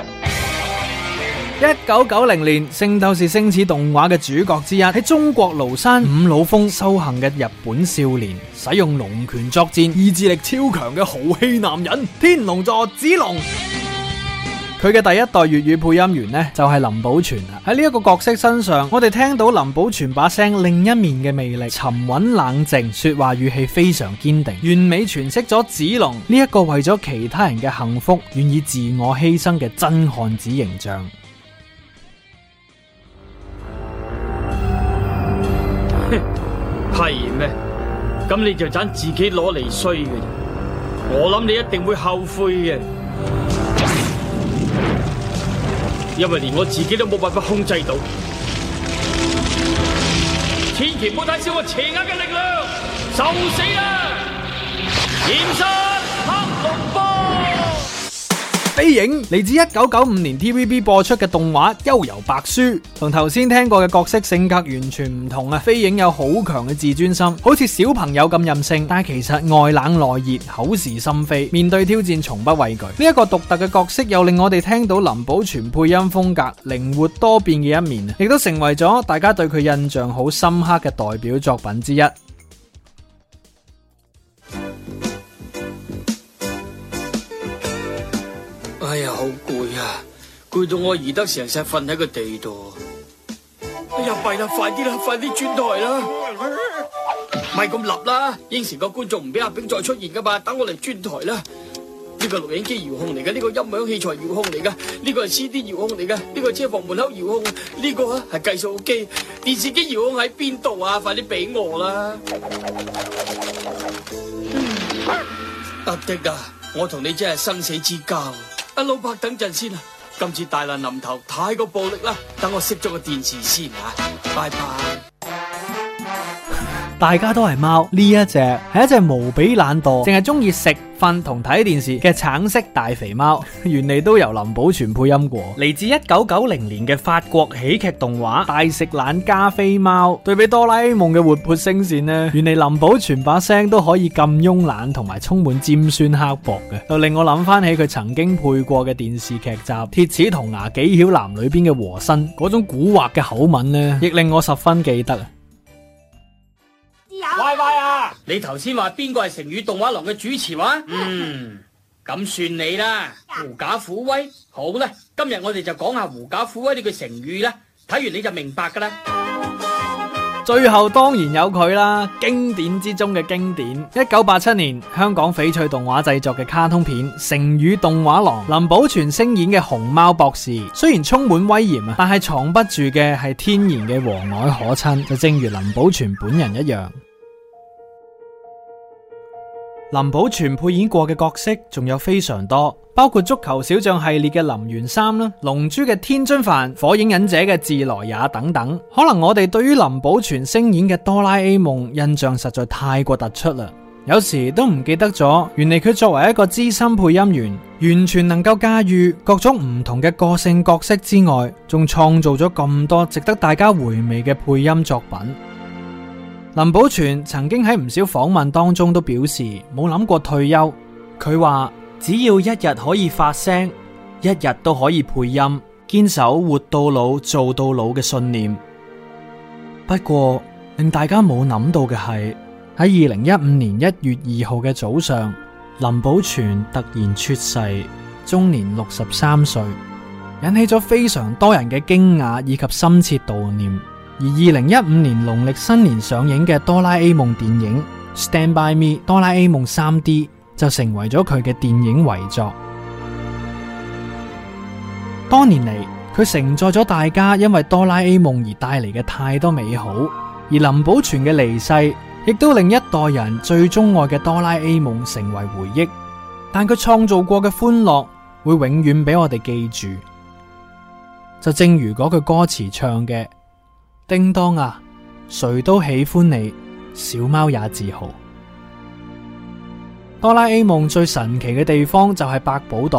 一九九零年，《聖鬥士星矢》動畫嘅主角之一，喺中國廬山五老峰修行嘅日本少年，使用龍拳作戰，意志力超強嘅豪氣男人天龍座紫龍。佢嘅第一代粵語配音員呢，就係、是、林保全啦。喺呢一個角色身上，我哋聽到林保全把聲另一面嘅魅力，沉穩冷靜，說話語氣非常堅定，完美詮釋咗紫龍呢一個為咗其他人嘅幸福，願意自我犧牲嘅真漢子形象。係咩？咁你就盞自己攞嚟衰嘅啫。我諗你一定會後悔嘅，因為連我自己都冇辦法控制到，千祈唔好睇小我邪惡嘅力量，受死啦！嚴生。飛影嚟自一九九五年 TVB 播出嘅動畫《幽遊白書》，同頭先聽過嘅角色性格完全唔同啊！飛影有好強嘅自尊心，好似小朋友咁任性，但係其實外冷內熱，口是心非，面對挑戰從不畏懼。呢一個獨特嘅角色又令我哋聽到林保全配音風格靈活多變嘅一面，亦都成為咗大家對佢印象好深刻嘅代表作品之一。哎呀，好攰啊！攰到我而得成世瞓喺個地度。哎呀，弊啦，快啲啦，快啲轉台啦！唔係咁立啦，應承個觀眾唔俾阿炳再出現噶嘛，等我嚟轉台啦。呢個錄影機遙控嚟嘅，呢個音響器材遙控嚟嘅，呢個係 CD 遙控嚟嘅，呢個車房門口遙控，呢個係計數機，電視機遙控喺邊度啊？快啲俾我啦！阿迪啊，我同你真係生死之交。阿老伯，等陣先啊，今次大難臨頭太過暴力啦，等我熄咗個電視先吓，拜拜。大家都係貓呢，一隻係一隻無比懶惰，淨係中意食、瞓同睇電視嘅橙色大肥貓。原嚟都由林保全配音過，嚟自一九九零年嘅法國喜劇動畫《大食懶加菲貓》。對比哆啦 A 夢嘅活潑聲線呢，原嚟林保全把聲都可以咁慵懶同埋充滿尖酸刻薄嘅，就令我諗翻起佢曾經配過嘅電視劇集《鐵齒銅牙紀曉嵐》裏邊嘅和珅，嗰種古惑嘅口吻呢，亦令我十分記得！威威啊！有你頭先話邊個係成語動畫廊嘅主持話啊？嗯，咁算你啦。狐假虎威，好啦，今日我哋就講下狐假虎威呢句成語啦。睇完你就明白噶啦。最後當然有佢啦，經典之中嘅經典。一九八七年香港翡翠動畫製作嘅卡通片《成語動畫廊》，林保全聲演嘅熊貓博士，雖然充滿威嚴啊，但係藏不住嘅係天然嘅和藹可親，就正如林保全本人一樣。林保全配演過嘅角色仲有非常多，包括足球小將系列嘅林源三啦、龍珠嘅天津飯、火影忍者嘅自來也等等。可能我哋對於林保全聲演嘅哆啦 A 夢印象實在太過突出啦，有時都唔記得咗。原來佢作為一個資深配音員，完全能夠駕馭各種唔同嘅個性角色之外，仲創造咗咁多值得大家回味嘅配音作品。林保全曾經喺唔少訪問當中都表示冇諗過退休，佢話只要一日可以發聲，一日都可以配音，堅守活到老做到老嘅信念。不過令大家冇諗到嘅係喺二零一五年一月二號嘅早上，林保全突然猝逝，終年六十三歲，引起咗非常多人嘅驚訝以及深切悼念。而二零一五年農曆新年上映嘅《哆啦 A 夢》電影《Stand by Me 哆啦 A 夢 3D》就成為咗佢嘅電影遺作。多年嚟，佢承載咗大家因為哆啦 A 夢而帶嚟嘅太多美好。而林保全嘅離世，亦都令一代人最鍾愛嘅哆啦 A 夢成為回憶。但佢創造過嘅歡樂，會永遠俾我哋記住。就正如嗰句歌詞唱嘅。叮噹啊，誰都喜歡你，小貓也自豪。哆啦 A 夢最神奇嘅地方就係百寶袋，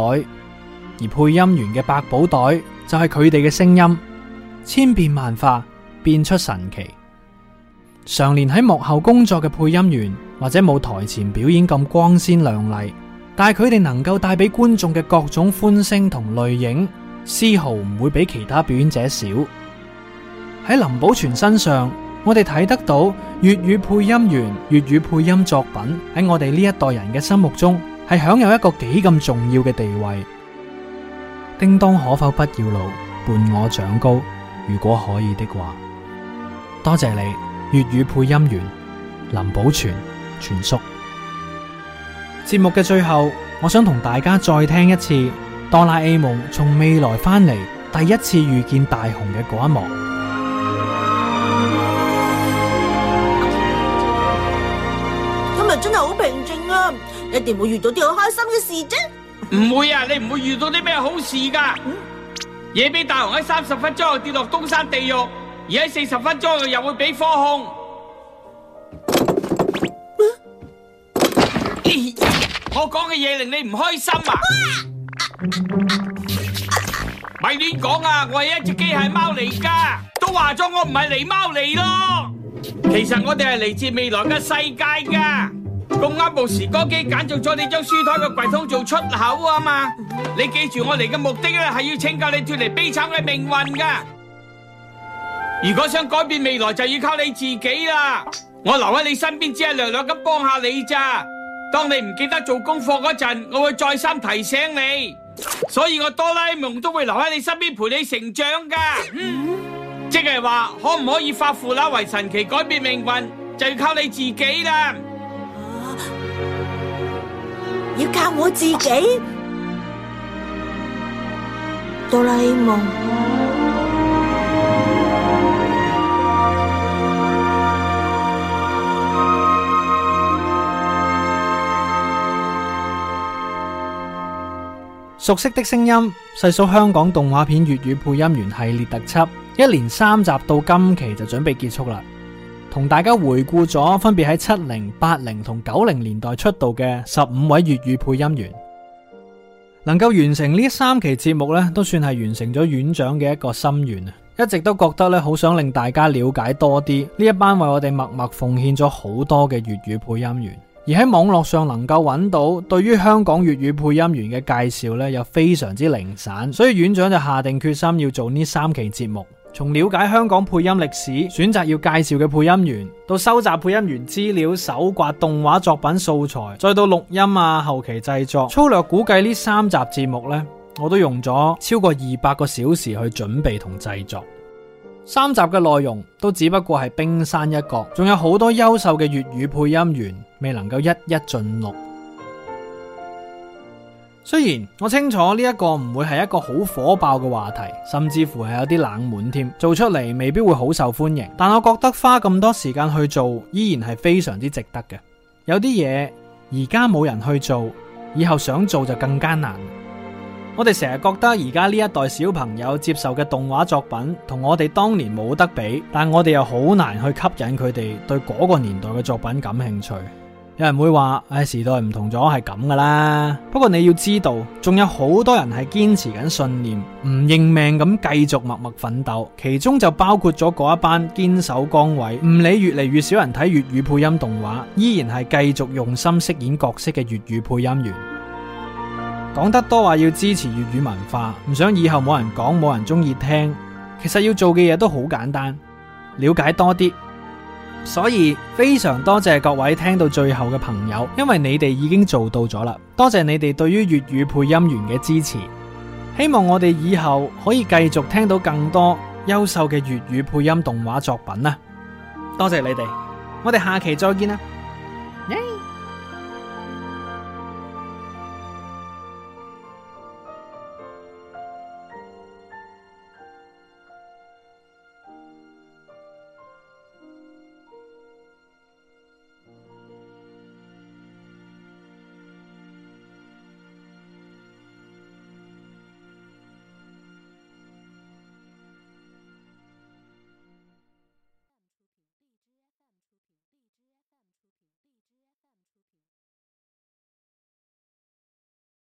而配音員嘅百寶袋就係佢哋嘅聲音，千變萬化，變出神奇。常年喺幕後工作嘅配音員，或者冇台前表演咁光鮮亮麗，但係佢哋能夠帶俾觀眾嘅各種歡聲同淚影，絲毫唔會比其他表演者少。喺林保全身上，我哋睇得到粵語配音員、粵語配音作品喺我哋呢一代人嘅心目中係享有一個幾咁重要嘅地位。叮當可否不要老，伴我長高？如果可以的話，多謝你，粵語配音員林保全全叔。節目嘅最後，我想同大家再聽一次《哆啦 A 夢從未來翻嚟》，第一次遇見大雄嘅嗰一幕。一定會遇到啲好開心嘅事啫、啊，唔會啊！你唔會遇到啲咩好事噶。嗯、野比大雄喺三十分鐘後跌落東山地獄，而喺四十分鐘又，又會俾科控。嗯、 我講嘅嘢令你唔開心啊？咪、啊啊啊啊啊、亂講啊！我係一隻機械貓嚟噶，都話咗我唔係狸貓嚟咯。其實我哋係嚟自未來嘅世界噶。咁啱部時光機揀中咗你張書台嘅櫃桶做出口啊嘛！你記住我嚟嘅目的呢，係要拯救你脱離悲慘嘅命運噶。如果想改變未來，就要靠你自己啦。我留喺你身邊，只係略略咁幫下你咋。當你唔記得做功課嗰陣，我會再三提醒你。所以我哆啦 A 夢都會留喺你身邊陪你成長噶。即係話，可唔可以化腐朽為神奇改變命運，就要靠你自己啦。要靠我自己。哆啦 A 夢， 熟悉的聲音，細數香港動畫片粵語配音員系列特輯，一連三集到今期就準備結束啦。同大家回顧咗分別喺七零、八零同九零年代出道嘅十五位粵語配音員，能夠完成呢三期節目咧，都算係完成咗院長嘅一個心願啊！一直都覺得咧，好想令大家了解多啲呢一班為我哋默默奉獻咗好多嘅粵語配音員，而喺網絡上能夠揾到對於香港粵語配音員嘅介紹咧，又非常之零散，所以院長就下定決心要做呢三期節目。從了解香港配音歷史，選擇要介紹嘅配音員，到收集配音員資料、搜刮動畫作品素材，再到錄音啊，後期製作，粗略估計呢三集節目呢，我都用咗超過二百個小時去準備同製作。三集嘅內容都只不過係冰山一角，仲有好多優秀嘅粵語配音員未能夠一一盡錄。雖然我清楚呢一個唔會係一個好火爆嘅話題，甚至乎係有啲冷門添，做出嚟，未必會好受歡迎。但我覺得花咁多時間去做，依然係非常之值得嘅。有啲嘢而家冇人去做，以後想做就更加難。我哋成日覺得而家呢一代小朋友接受嘅動畫作品同我哋當年冇得比，但我哋又好難去吸引佢哋對嗰個年代嘅作品感興趣。有人會話：誒、哎，時代唔同咗，係咁噶啦。不過你要知道，仲有好多人係堅持緊信念，唔認命咁繼續默默奮鬥，其中就包括咗嗰一班堅守崗位，唔理越嚟越少人睇粵語配音動畫，依然係繼續用心飾演角色嘅粵語配音員。講得多話要支持粵語文化，唔想以後冇人講，冇人中意聽，其實要做嘅嘢都好簡單，了解多啲。所以，非常多謝各位聽到最後嘅朋友，因為你哋已經做到咗啦，多謝你哋對於粵語配音員嘅支持，希望我哋以後可以繼續聽到更多優秀嘅粵語配音動畫作品啦，多謝你哋，我哋下期再見啦。